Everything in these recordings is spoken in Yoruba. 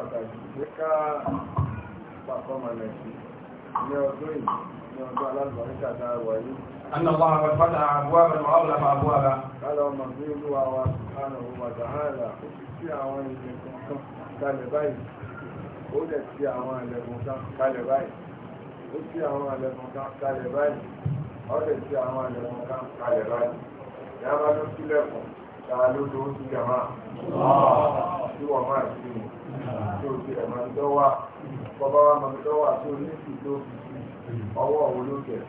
pàtàkì pé ká pàfọ́mà nàìjí ní ọdún yìí ní ọdún alábàáríkà náà wà ní. Annàbá àwọn pátá àbúwà rẹ̀ máa wùlà máa bú ara. Kálọ̀ ọmọ bí olúwa wa sùpánà ó wà dáhàlà ó ti sí àwọn ilẹ̀ kankan kalẹ̀ báyìí. Ó dẹ̀ sí àwọn òkè ẹ̀ máa ń dọ́wà bọ́bá wa máa ń dọ́wà tó ní ìlú tó fi sí ọwọ́ òun ló jẹ̀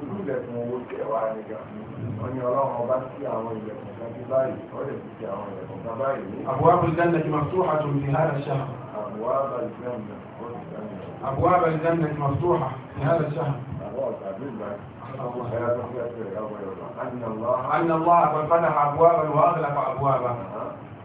irú ìlẹ̀kùn owó tẹ̀ wá nígbà wọ́n ní ọlọ́run ọba sí àwọn ìlẹ̀kùn kan sí báyìí wọ́n lè fi sí àwọn ìlẹ̀kùn kan báyìí. أبواب الجنة مفتوحة في هذا الشهر. أبواب الجنة أبواب الجنة مفتوحة في هذا الشهر. أن الله قد فتح أبوابا وأغلق أبوابا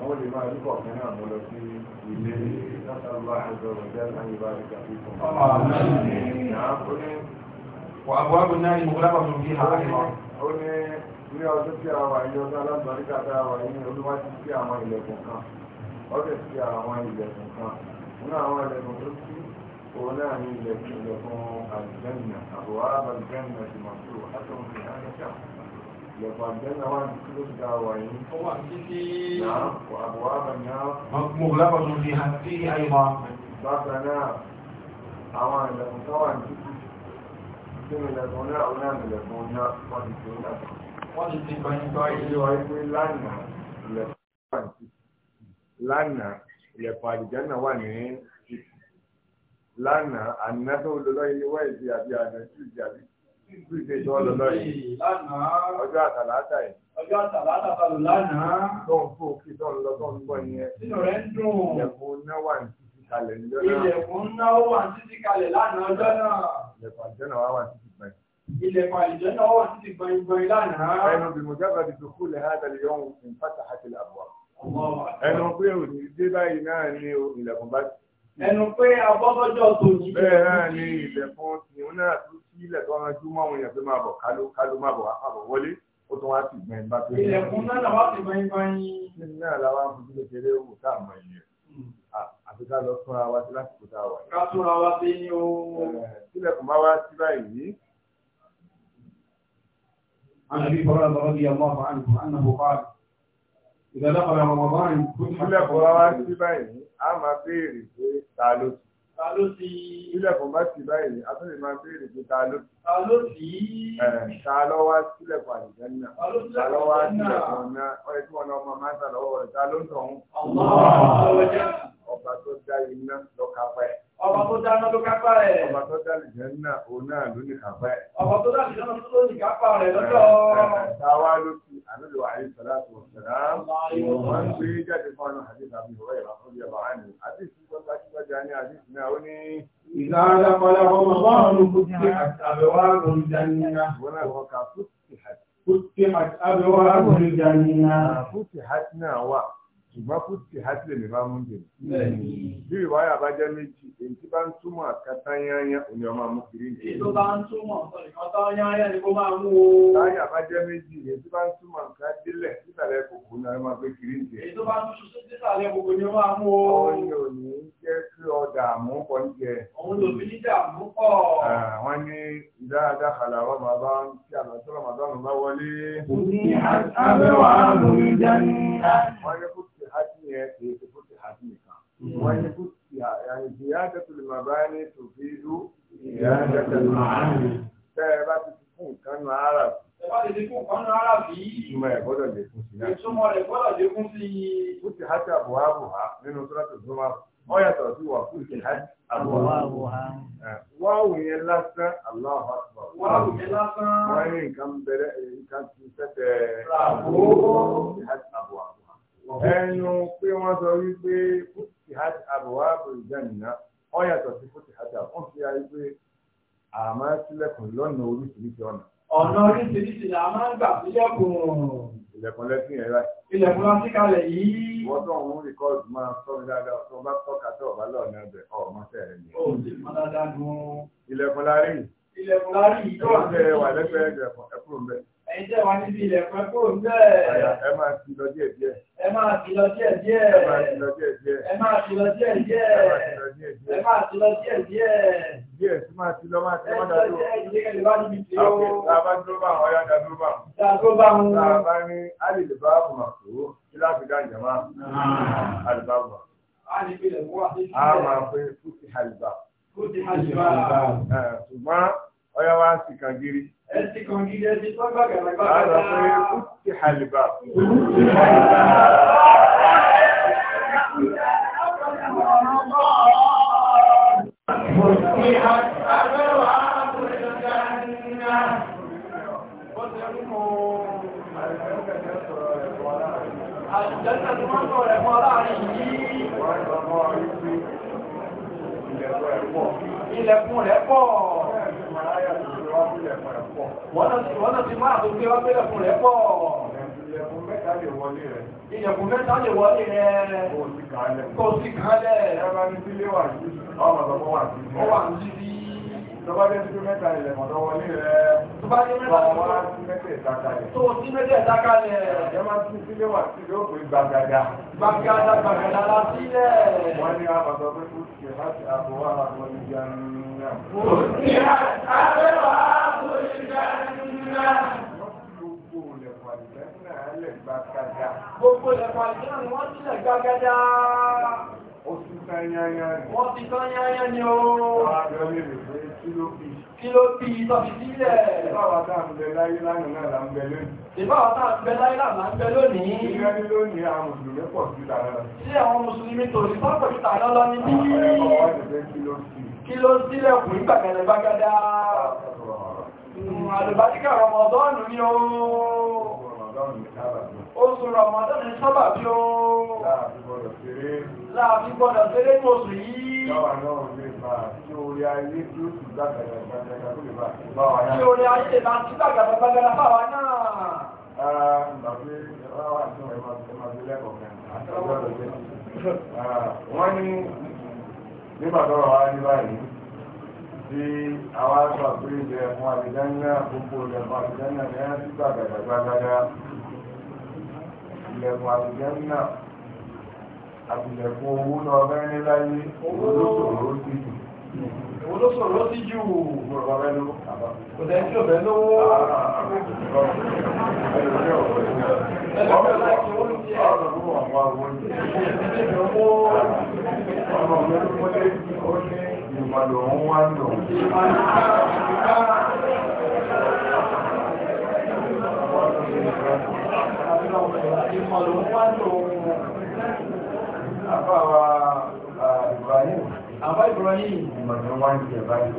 wọ́n lè máa rí kọ̀ọ̀kan náà mọ́ lọ sí ilé látàlúwà àjọ ọ̀jẹ́ láyé bá rí kàfí fún ah, wa àbúwábù náà ni mọ̀lábà tó bí ha ní ó ní ní ọdún tí a wà ní ọdún alábàríkà tá a wà ní olúwájú sí àwọn ilẹ̀kùn kan ọdẹ sí àwọn ilẹ̀kùn kan nínú àwọn ilẹ̀kùn tó sí òun náà ní ilẹ̀kùn ilẹ̀kùn àlùjẹ́nìyàn àbúwábù àlùjẹ́nìyàn ti mọ̀ sí òun látọ̀ lẹ̀kùn àjẹ́nà wà ní kí ló ti dáa wà yìí ó wà títí náà àbúwá àbànyá mọ̀gbọ́lábàtún fi hàn sí àyíwá bákan náà àwọn ìlẹ̀kùn tó wà ní títí tí ìlẹ̀kùn náà ó náà ìlẹ̀kùn náà wọ́n ti tó náà wọ́n ti ti bẹ̀yìn tó ilé wa pé ní lánàá ìlẹ̀kùn àjẹ́nà wà ní títí lánàá àníná tó lọ Tuesday tí wọ́n lọ lọ yìí. Ọjọ́ àtàlátà yìí. Ọjọ́ àtàlátà balù lánàá. Tó ń fò kí tó ń lọ tó ń bọ̀ yẹn. Sínú rẹ̀ ń dùn. Ìyẹ̀fun náà wà ní títí kalẹ̀ níjọ́ náà. Ìyẹ̀fun náà wà ní títí kalẹ̀ lánàá ọjọ́ náà. Ìyẹ̀fun àjọ náà wà wà títí gbẹ̀yìn. Ilẹ̀ Ẹnu bí mo ní dé báyìí náà ni ilẹ̀kùn bá ti. Ẹnu pé abọ́bọ́jọ́ tòní. Bẹ́ẹ̀ náà ni ilẹ̀kùn tìǹ náà tún sílẹ̀ tó wọn jú mọ́ àwọn èèyàn pé máa bọ̀ kálú kálú máa bọ̀ wá wọlé ó tún wá sí ìgbà ìgbà tó yẹ. ilẹ̀kùn náà làwọn ti máa ń bá yín. ṣé náà làwọn fojú kékeré wò tá àmọ́ ìyẹn hmm. àti ká lọ túnra wa sí lásìkò tá a wà. ká túnra wa sí ní eh, ooo. sílẹ̀kùn bá wá sí báyìí. àbí bọ́lá bọ́lá bí ọmọ ọ̀fà àná àná bò bá ìdálẹ́ ọ̀rọ̀ ọmọ bá ń. sílẹ̀kùn bá wá sí báyìí Ta ló ti. Sílẹ̀kùn bá ti báyìí, a tún lè máa béèrè pé ta ló. Ta ló ti. Ta ló wá sílẹ̀kùn àdìjẹ́ náà. Ta ló wá sílẹ̀kùn náà. Ọ̀rẹ́ tí wọ́n lọ mọ máa ń sà rẹ̀, ta ló ń tọ̀hún. Ọba tó dá iná lọ́ka pẹ́ ọba tó dáná ló kápá rẹ̀. ọba tó dáná jẹ́ náà òun náà ló ní kápá ẹ̀. ọba tó dáná jẹ́ náà ló ní kápá rẹ̀ lọ́jọ́. táwa ló fi àlejò àyè sọ̀rọ̀ àti òṣèlá. wọ́n ń gbé jáde fún ọ̀nà àdéhùn àbí ìwọ́ ìwà fún ìyàwó àná. àdéhùn tó ń bá kí wọ́n jẹ́ ní àdéhùn náà ó ní. ìlà alápalá ọmọ báwọn ló kún sí àtàbẹ̀wá lórí jàǹdà. wọ́n náà wọ́n ka fúti ṣùgbọ́n kú tì hátìlẹ̀ mi bá mú dèmí. bí ìwáyà bá jẹ́ méjì èyí tí bá ń túmọ̀ kátá yányá òní ọmọ mú kiri ní. èyí tó bá ń túmọ̀ kátá yányá ni kó máa mú o. táyà bá jẹ́ méjì èyí tí bá ń túmọ̀ ká délẹ̀ sísàlẹ̀ kòkó ní ọmọ gbé kiri ní. èyí tó bá ń túmọ̀ sísàlẹ̀ kòkó ní ọmọ mú o. ọyọ ní jẹ́ kí ọ dààmú pọ̀ ń jẹ. òun ló fi ní فتحت نكام وإن فتح يعني زيادة المباني تفيد زيادة المعاني تابعت تكون كان عرب Ìtumọ̀ ẹ̀ gbọ́dọ̀ lè kún sí náà. Ìtumọ̀ rẹ̀ gbọ́dọ̀ lè kún sí. Fúti hajj àbúhábùhá nínú Sọ́dọ̀tò Zuma. Wọ́n yàtọ̀ sí wà fúti hajj àbúhábùhá. Wáwù yẹn lásán Allahu Akbar. Wáwù yẹn lásán. Wọ́n ní nǹkan bẹ̀rẹ̀ nǹkan ti sẹ́tẹ̀. Ràbó. Fúti hajj àbúhábùhá. ẹnu pé wọ́n sọ wípé fútìhát àbọ̀wá àbòrìjánìná wọ́n yàtọ̀ sí fútìhát àwọn fi ayé pé àmọ́ sílẹ̀kùn lọ́nà oríṣiríṣi ọ̀nà. ọ̀nà oríṣiríṣi là máa ń gbà sílẹ̀kùn. ilẹ̀kùn lẹ́sìn ẹ̀rọ ẹ̀. ilẹ̀kùn láti kalẹ̀ yìí. wọ́n tó ń rìkọ́ọ̀dù máa ń sọ mi dáadáa tó bá tọ́ka tó ọ̀bá lọ́ọ̀nà ẹ̀bẹ̀ ọ̀ọ́mọṣẹ́ rẹ̀ ó ti Ẹ̀yin tẹ́ wà níbi ilẹ̀ pẹ́ kó ń bẹ́ẹ̀. Ẹ máa ti lọ díẹ̀ díẹ̀. Ẹ máa ti lọ díẹ̀ díẹ̀. Ẹ máa ti lọ díẹ̀ díẹ̀. Ẹ máa ti lọ díẹ̀ díẹ̀. Ẹ máa ti lọ díẹ̀ díẹ̀. Díẹ̀ tí máa ti lọ máa ti lọ́dà tó. Ẹ jẹ́ ìdílé bá níbi tí ó. Tá bá dúró bá àwọn ọ̀yá dá bá wọn. Tá dúró bá wọn. Tá bá ní alìlè bá bùn àpò kí láti dá ìjọba. Alìlè bá A máa pé fúti àlìbá. Fúti àlìbá ọyá wa sí kan gírí. ẹ sì kan gírí ẹ sì tó gbàgbà. a sọ pé kú ti halibà. Ilẹ̀kùn rẹ̀ pọ̀ wọ́n ti máa tó gbé wá pé ẹ̀kùn rẹ̀ pọ̀. ìyẹ̀kùn mẹ́ta lè wọlé rẹ̀. kò sí kálẹ̀. ẹ̀rọ ní sílé wà sí. ọmọ ọ̀dọ́ wà ní síbí tọ́ba jẹ́ sí mẹ́ta ilẹ̀ mọ̀tọ́ wọlé rẹ̀ tọ́ba jẹ́ mẹ́ta ilẹ̀ wá sí mẹ́tẹ̀ẹ̀ta kalẹ̀. tó sí mẹ́tẹ̀ẹ̀ta kalẹ̀. ẹ máa ti sílé wà sí ló pé gbàgàdà. gbàgàdà gbàgàdà la sílẹ̀. wọ́n ní àbàtọ̀ pé kò sí láti àbọ̀ wà àbọ̀ ìjà nínú. kò sí àbẹ̀ wà àbọ̀ ìjà nínú. gbogbo ilẹ̀ pàdé náà lẹ̀ gbàgàdà. gbogbo ilẹ̀ gbàgàdà ó ti tán yányá rẹ̀ wọ́n ti tán yányá ni ó kí ló bí ìtọ́fi sílẹ̀ ìbáwà tá à ń bẹ láyé lánàá là ń bẹ lónìí ìbáwà tá à ń bẹ láyé lánàá ń bẹ lónìí ìrẹ́ ní lónìí àwọn mùsùlùmí pọ̀ sí ìtàn lọ sí àwọn mùsùlùmí tó sí pọ̀ sí ìtàn lọ ní bí kí ló sílẹ̀ hmm, ni ó oṣù rọmọdọ́nù sábà bí ó láàbí gbọ́dọ̀ tẹ́lẹ̀ tó sùn yìí. Báwa náà lè máa kí orí ayé tí ó sì gbàgàdà gbàgàdà tó lè máa ti báwa náà. Kí orí ayé lè máa ti gbàgàdà gbàgàdà báwa náà. Ìgbà pé báwa tí wọ́n máa gbé lẹ́kọ̀ọ́ kan, àtàwọn ọ̀dọ́ jẹ́. Wọ́n ní nígbà tọ́rọ̀ wá ní báyìí tí àwọn àgbà pé ilẹ̀ fún àbìdáńgá gbogbo ilẹ̀ fún àbìdáńgá ní á sí gbàgàdà gbàgàdà ilẹ̀ fún àbìdáńgá àtìlẹ̀kùn owó náà bẹ́ẹ̀ ní láyé owó ló ṣòro ah, ah, ah. sí jù owó ló ṣòro sí jù ọ̀rọ̀ rẹ ló kò tẹ́ tí ọ̀bẹ lówó ọmọ mi ló lé ó ní ìmọ̀lò òun wá lò Ìmọ̀lò òun wá lò àfàwà Ibrahim àbá Ibrahim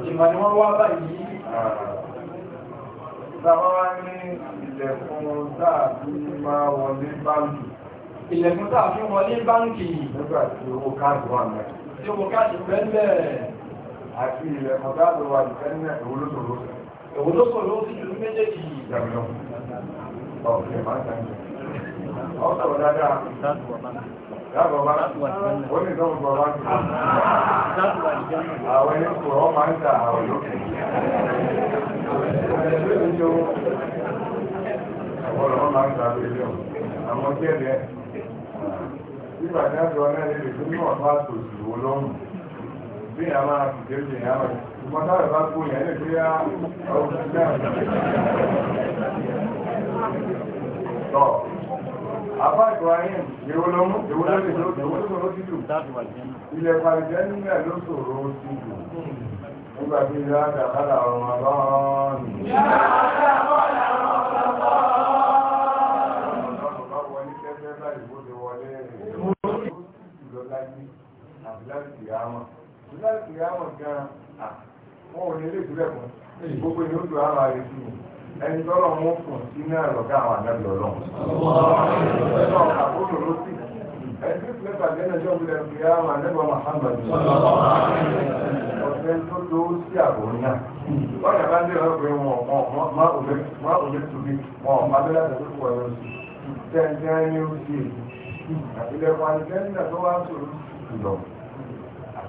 ìmọ̀ni wọ́n wá báyìí sáwọ́wá ní ilẹ̀kùn tààbí máa wọlé báńkì ilẹ̀kùn tààbí wọlé báńkì nígbàtí owó káàdì wà náà tí owó káàdì bẹ́ẹ̀ àti ilẹ̀kùn tààbí wà ní ẹ̀nà ìwòlóṣòlóṣì ìwòlóṣòlóṣì jù méjèèjì ìjàmìnà ọ̀pẹ̀ máa ń tàbí ọ̀pẹ̀ ya baba wani zama baba a wani kuwa manta a wani ọ̀pọ̀lọpọ̀ máa ń ta ilé ọ̀ àmọ́ tí ẹ̀dẹ́ ìpàdé àti ọ̀nà ilé tó ní ọ̀pá tòṣì wò lọ́rùn bí i àmà àtìké bí i àmà ìgbọ́n táwọn bá kú yẹn lè fi yá ọ̀pọ̀ àbá Ibrahim èwo ló mú èwo ló lè èwo ló sọ̀rọ̀ títù ilẹ̀ pàrìjẹ́ nígbà ló sọ̀rọ̀ títù nígbà tí ìlú àgbà kálà ọ̀run àbá ọlọ́run ó kùn sí náà lọ́gá àwọn àdájọ́ ọlọ́run. ẹ̀rọ àkókò ló sì ẹ̀sìn ìpínlẹ̀ pàdé ẹ̀jọ́ ìpínlẹ̀ fi àwọn àdẹ́gbọ̀n Muhammad ọ̀sẹ̀ tó tó sí àbòrò náà. wọ́n yàrá ń dé ọ̀rọ̀ pé wọn má òbí tóbi wọn ọ̀pá tó láti pọ̀ ẹ̀rọ sí. tẹ́ǹtẹ́ ní ó sì àtìlẹ́kùn àti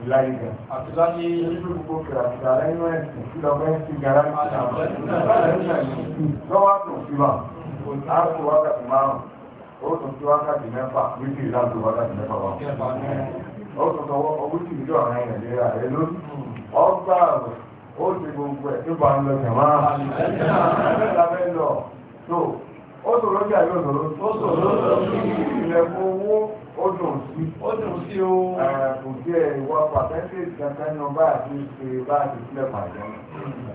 Abdullahi ga. Abdullahi ya yi gbogbo kira da rai nuna su da wani su gara mata ba. Lọ́wọ́ tó fi wà, kò tá a tó wákàtí márùn-ún, ó tó fi wákàtí mẹ́fà, wípé ìlà tó wákàtí mẹ́fà wá. Ó tó sọ ọwọ́ tí ìjọ àwọn ẹ̀yìn Nàìjíríà rẹ̀ ló ọgbà rẹ̀ ó ti gbogbo ẹ̀ tó bá ń lọ jàmá. Ẹ̀ẹ́dẹ́gbẹ̀rẹ̀ lọ. Tó ó sọ̀rọ̀ jà yóò sọ̀rọ̀. Ó sọ̀rọ̀ sọ̀rọ̀ ó dùn sí ó dùn sí o kò jẹ́ ìwà pàtẹ́kì kankan ní ọba àti ìṣe bá àti ìṣílẹ̀ pàdé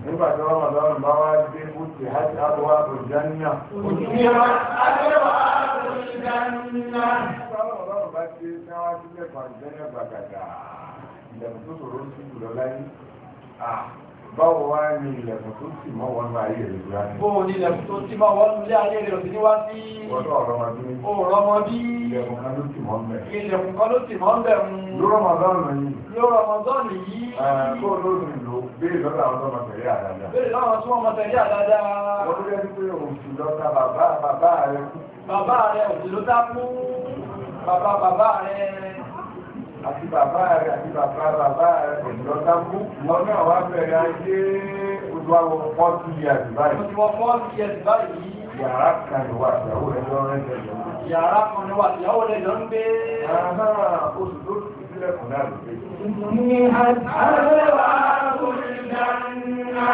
nígbà tí wọ́n mọ̀ lọ́rùn bá wá dé ó ti hajj àbúwá àbújáníyà. òjìyàn àbúwá àbújáníyà. ọlọ́run bá ti náwá sílẹ̀ pàdé ní gbàgàdà ìlẹ̀kùn tó sọ̀rọ̀ sí jùlọ láyé báwo wá ní ilẹ̀kùn tó sì mọ́ wọn láyé rẹ̀ rẹ̀ bó ní ilẹ̀kùn tó sì mọ́ wọn lé ayé rẹ̀ òsì níwá sí ọ̀rọ̀ ọmọdé ilẹ̀kùn kan ló tì mọ́ ń bẹ̀. ilẹ̀kùn kan ló tì mọ́ ń bẹ̀ ń. Mm. ló rọmọdọ́nù yìí. ló rọmọdọ́nù yìí. kó o ló rìn lò béèrè lọ́dọ̀ àwọn tó máa tẹ̀lé àdáda. béèrè lọ́wọ́ tí wọ́n máa tẹ̀lé àdáda. wọ́n ló jẹ́ pé òsì lọ́ta bàbá bàbá rẹ̀. bàbá rẹ̀ òsì ló dá kú. bàbá bàbá rẹ̀. àti bàbá rẹ̀ àti bàbá bàbá rẹ̀ òsì ló dá kú. lọ́nà wa bẹ̀rẹ̀ ayé olùwàwọ̀ yàrá kan ìwà ìyàwó rẹ̀ lọ rẹ̀ lọ. yàrá kan ìwà ìyàwó rẹ̀ lọ ń gbé. oṣù tó ti sílẹ̀ kù náà ló dé. ní àtàwéwà olùdáná.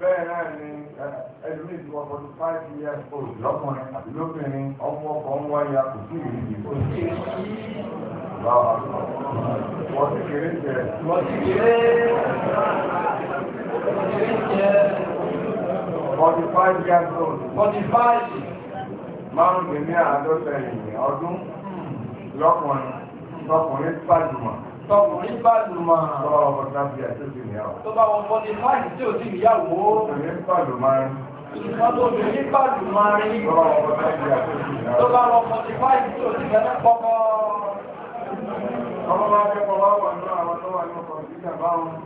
bẹ́ẹ̀ náà ni ẹlòmíì ti wọ́n fọdún five years old lọ́kùnrin àti 45 years old 45 márùn lè ní àádọ́ta ènìyàn ọdún hmm. lọ́kùnrin tọkùnrin gbàdùmọ̀ tọkùnrin gbàdùmọ̀ lọ́wọ́ ọmọ tàbí àti òsì ìyàwó tó bá wọn 45 tí ò sí ìyàwó obìnrin gbàdùmọ̀ obìnrin gbàdùmọ̀ lọ́wọ́ ọmọ tàbí àti òsì ìyàwó tó bá wọn 45 tí ò sí ìyàwó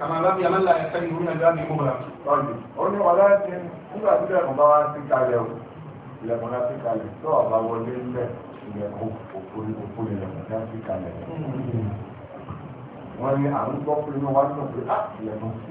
kàmá lábí alálà ẹ̀fẹ́ ìlú nàìjíríà ní kóbra. ó ní wàlá ti nígbà tí ẹ̀kọ́ bá wá sí kalẹ̀ o ilẹ̀kùn láti kalẹ̀ tó ọ̀bá wọlé ńlẹ̀ ilẹ̀kùn òfò ilẹ̀kùn láti kalẹ̀. wọ́n ní à